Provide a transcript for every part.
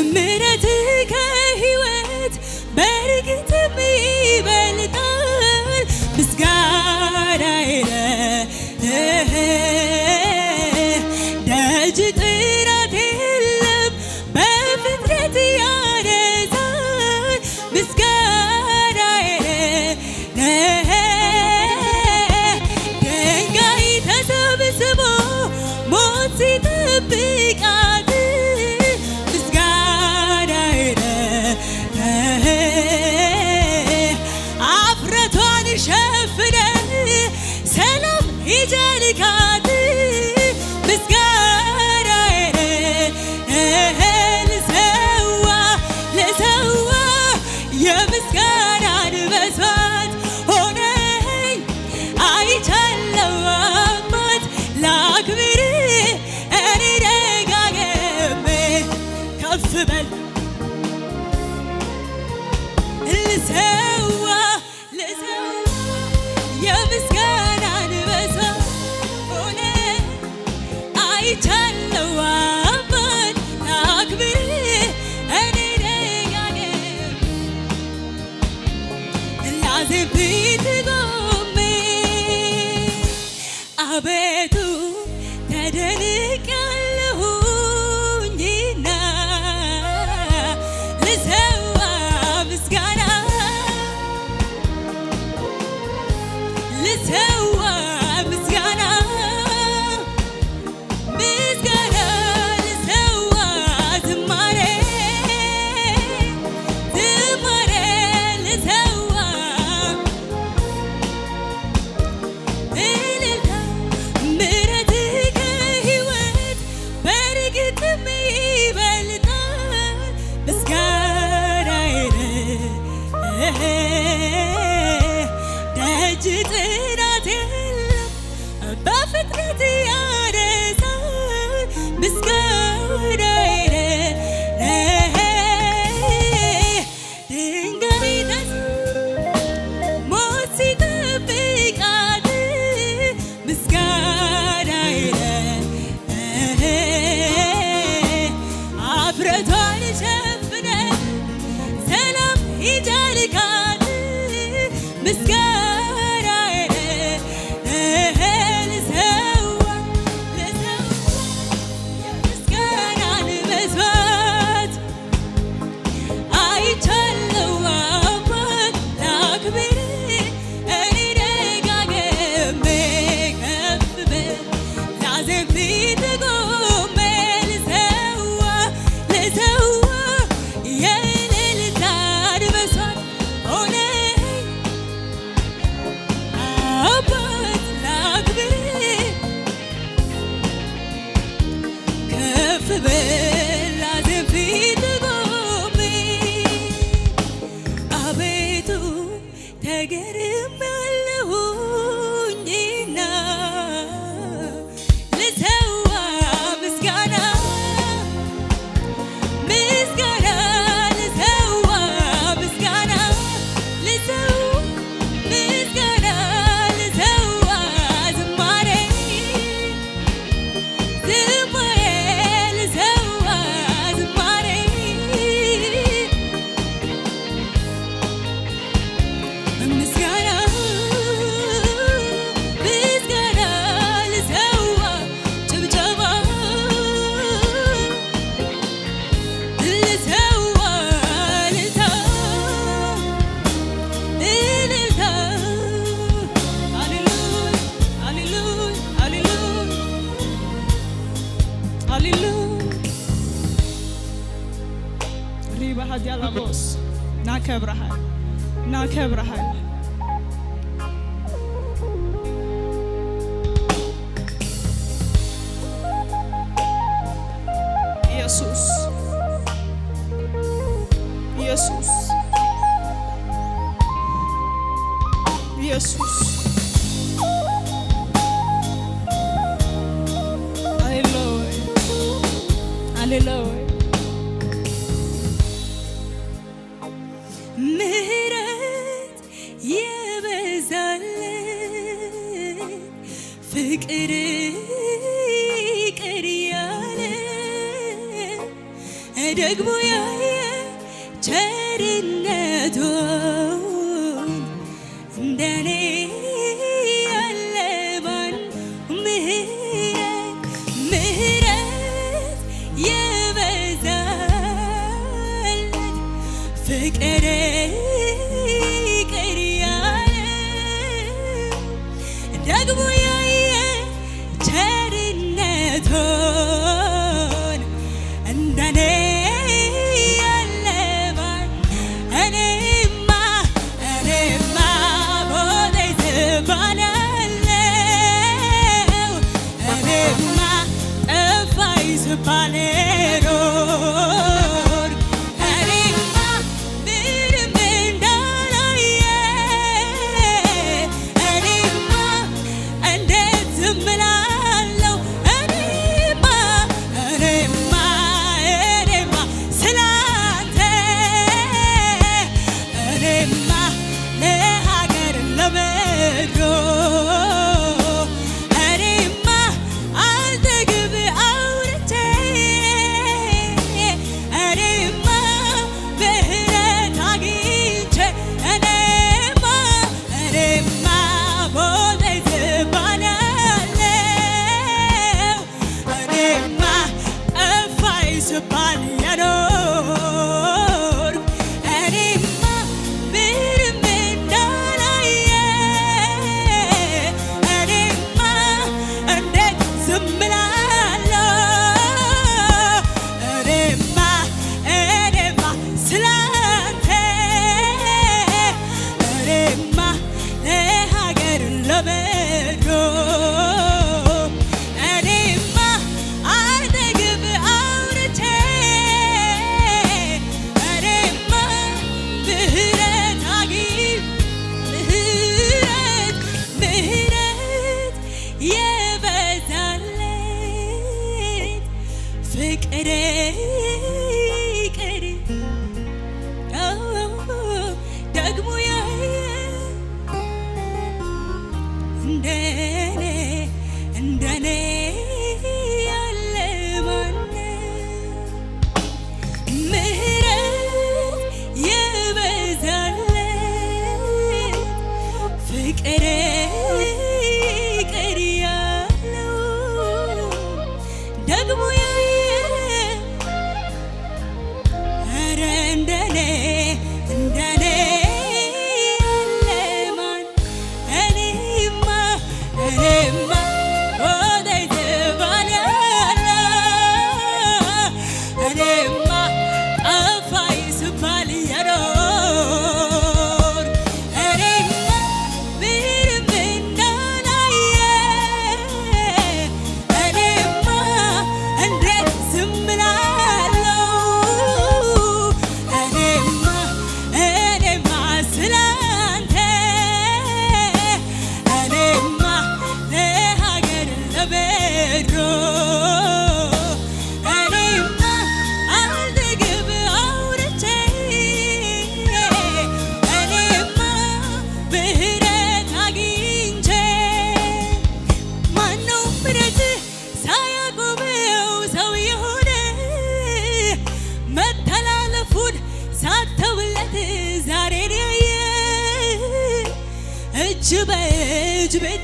내 A ver I get it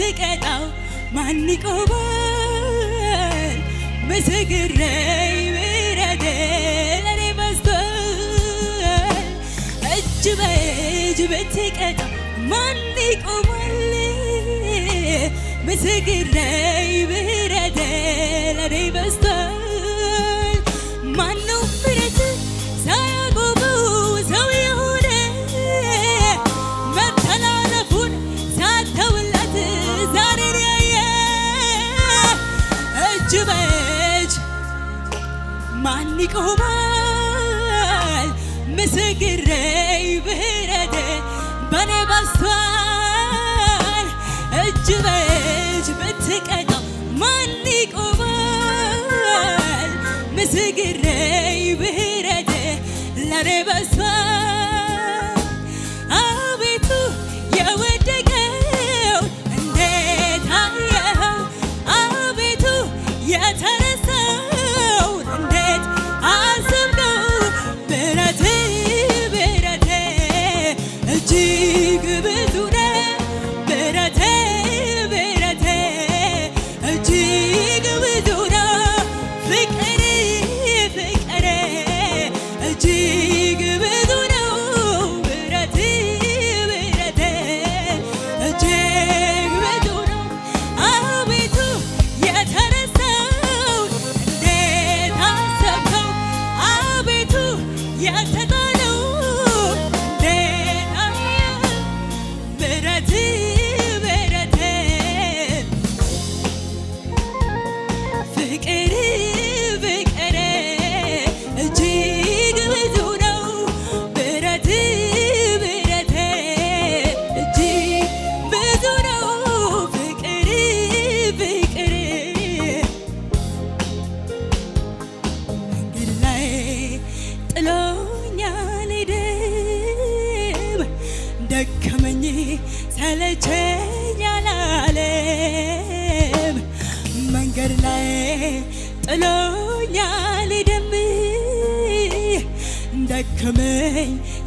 ስቀጣው ማን ይቆማል? ምስክሬ ቢረዳኝ እኔ በዝቷል። እጅ በእጅ ብትቀጣው ማን ይቆማል? ምስክሬ ቢረዳኝ እኔ በዝቷል today.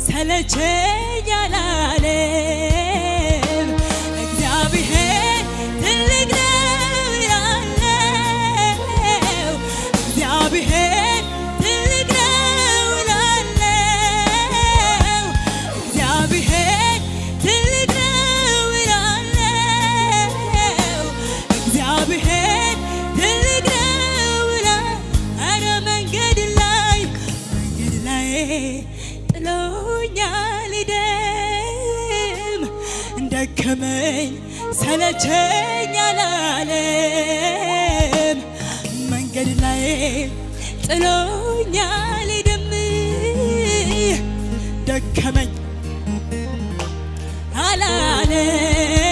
ሰለቸኝ አላለ ሰለቸኝ አላለም መንገድ ላይ ጥሎኛል ደም ደከመኝ አላለም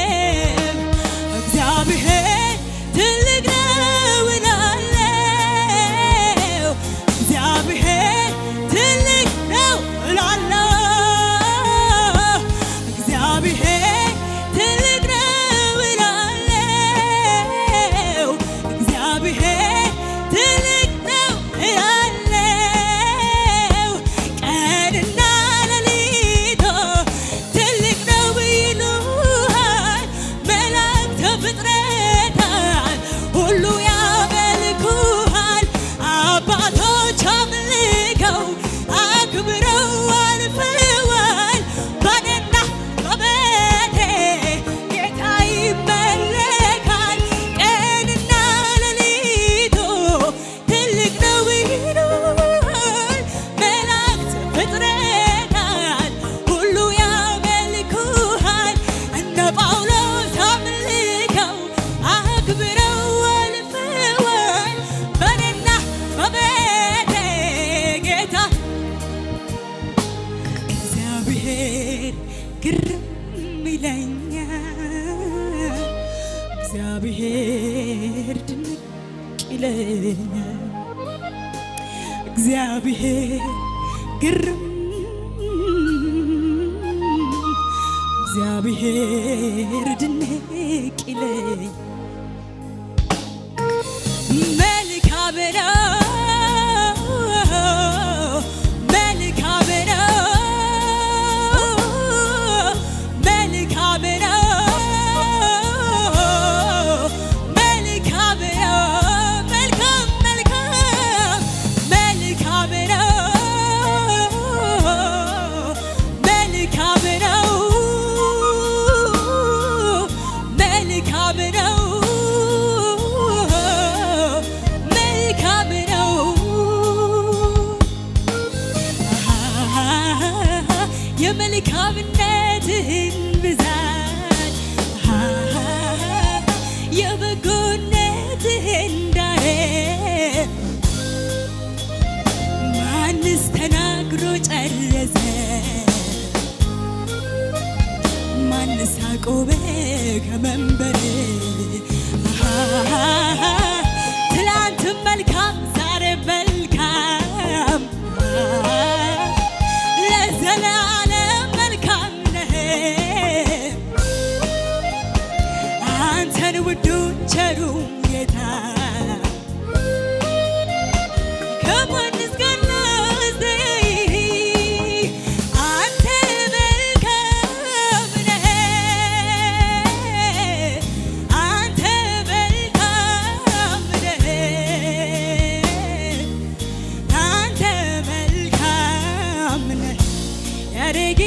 እግዚአብሔር ግርም ይለኛል፣ እግዚአብሔር ድንቅ ይለኛል። እግዚአብሔር ግርም እግዚአብሔር ድንቅ ይለኛል። መልካም ነው ከመንበሬ ትላንትም መልካም ምን ያደገ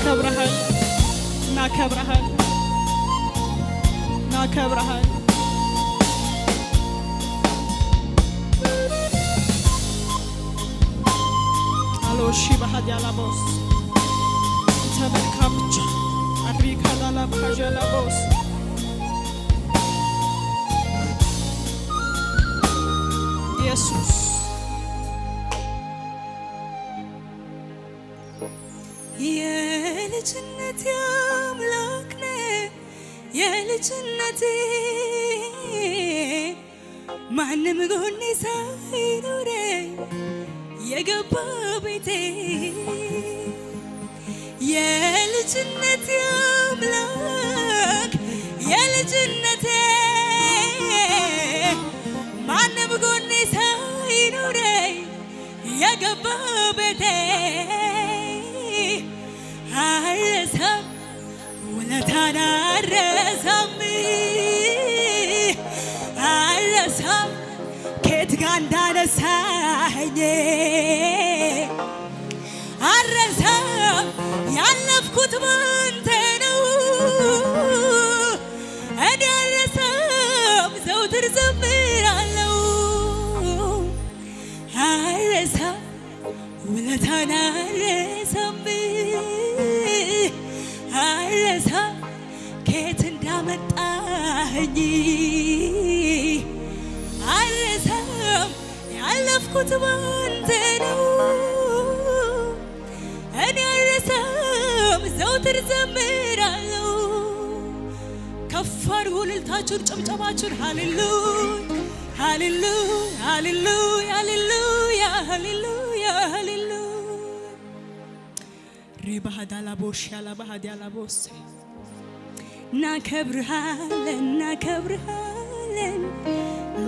እናከብረሃል እናከብረሃል እናከብረሃል አሎሺ ባህዲያላቦስ ተመልካ ብቻ አድሪካ ላላባዣላቦስ ኢየሱስ Yeah. የልጅነቴ አምላክ ነህ የልጅነቴ ማንም ጎኔ ሳይኖረኝ የገባ ቤቴ የልጅነቴ አምላክ የልጅነቴ ማንም ጎኔ ሳይኖረኝ የገባ ቤቴ አልረሳም፣ ውለታን አልረሳም፣ አልረሳም ከየት ጋር እንዳነሳኝ ያለፍኩት ባንተ ነው ዘውትር ርዳኸኝ አልረሳም ያለፍኩት ባንተ ነው እኔ አልረሳም ዘውትር ዘምራለሁ ከፍ አድርጉ እልልታችሁን ጭብጨባችሁን ሃሌሉያ ሃሌሉያ ሃሌሉያ ሃሌሉያ ሃሌሉያ ሃሌሉያ ሪባሃዳላቦሽ ያላባሃዲያላቦስ እናከብርሃለን እናከብርሃለን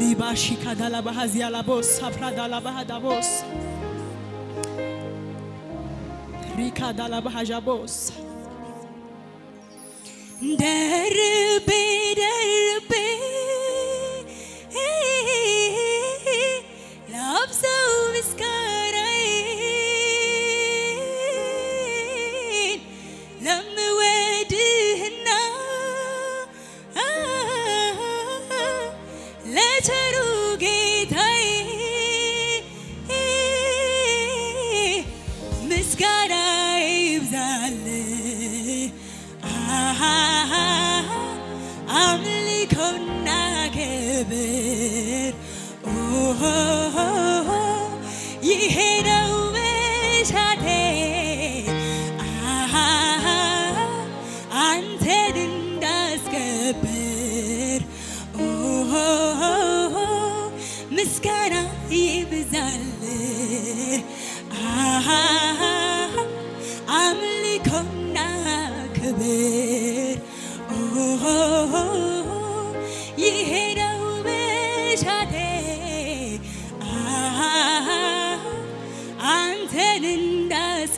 ሊባሺ ካዳላባሃ ዚያላቦስ አፕራዳላባሃ ዳቦስ ሪካዳላባሃ ዣቦስ ደርቤ ደር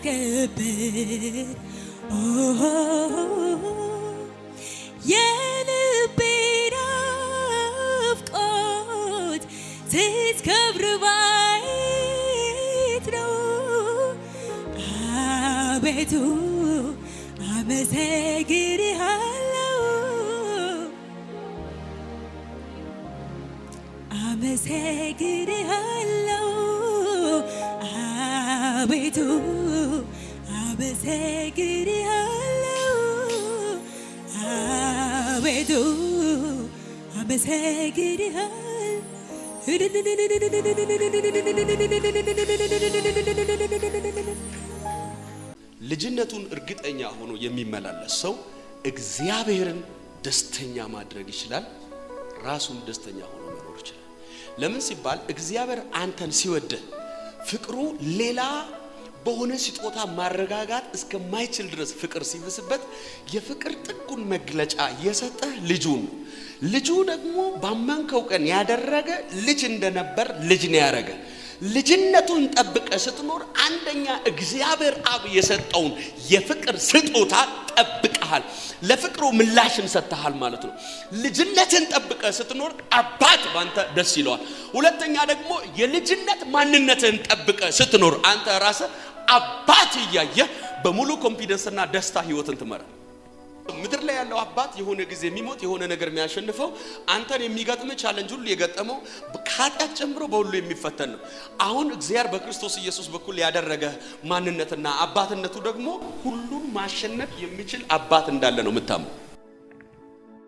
escape. Oh, yeah, the beat of God takes cover of my throne. I'm a segiri hallo. I'm a segiri hallo. አቤቱ አመሰግንሃለሁ አቤቱ ልጅነቱን እርግጠኛ ሆኖ የሚመላለስ ሰው እግዚአብሔርን ደስተኛ ማድረግ ይችላል። ራሱን ደስተኛ ሆኖ መኖር ይችላል። ለምን ሲባል እግዚአብሔር አንተን ሲወድህ ፍቅሩ ሌላ በሆነ ስጦታ ማረጋጋት እስከማይችል ድረስ ፍቅር ሲብስበት የፍቅር ጥጉን መግለጫ የሰጠህ ልጁ ነው። ልጁ ደግሞ ባመንከው ቀን ያደረገ ልጅ እንደነበር ልጅ ነው ያደረገ። ልጅነቱን ጠብቀ ስትኖር አንደኛ እግዚአብሔር አብ የሰጠውን የፍቅር ስጦታ ጠብቀ ሰጥተሃል፣ ለፍቅሩ ምላሽም ሰጥተሃል ማለት ነው። ልጅነትን ጠብቀ ስትኖር አባት በአንተ ደስ ይለዋል። ሁለተኛ ደግሞ የልጅነት ማንነትን ጠብቀ ስትኖር አንተ ራስህ አባት እያየህ በሙሉ ኮንፊደንስና ደስታ ህይወትን ትመራ። ምድር ላይ ያለው አባት የሆነ ጊዜ የሚሞት የሆነ ነገር የሚያሸንፈው አንተን የሚገጥም ቻለንጅ ሁሉ የገጠመው ከኃጢአት ጨምሮ በሁሉ የሚፈተን ነው። አሁን እግዚአብሔር በክርስቶስ ኢየሱስ በኩል ያደረገ ማንነትና አባትነቱ ደግሞ ሁሉን ማሸነፍ የሚችል አባት እንዳለ ነው የምታምነው።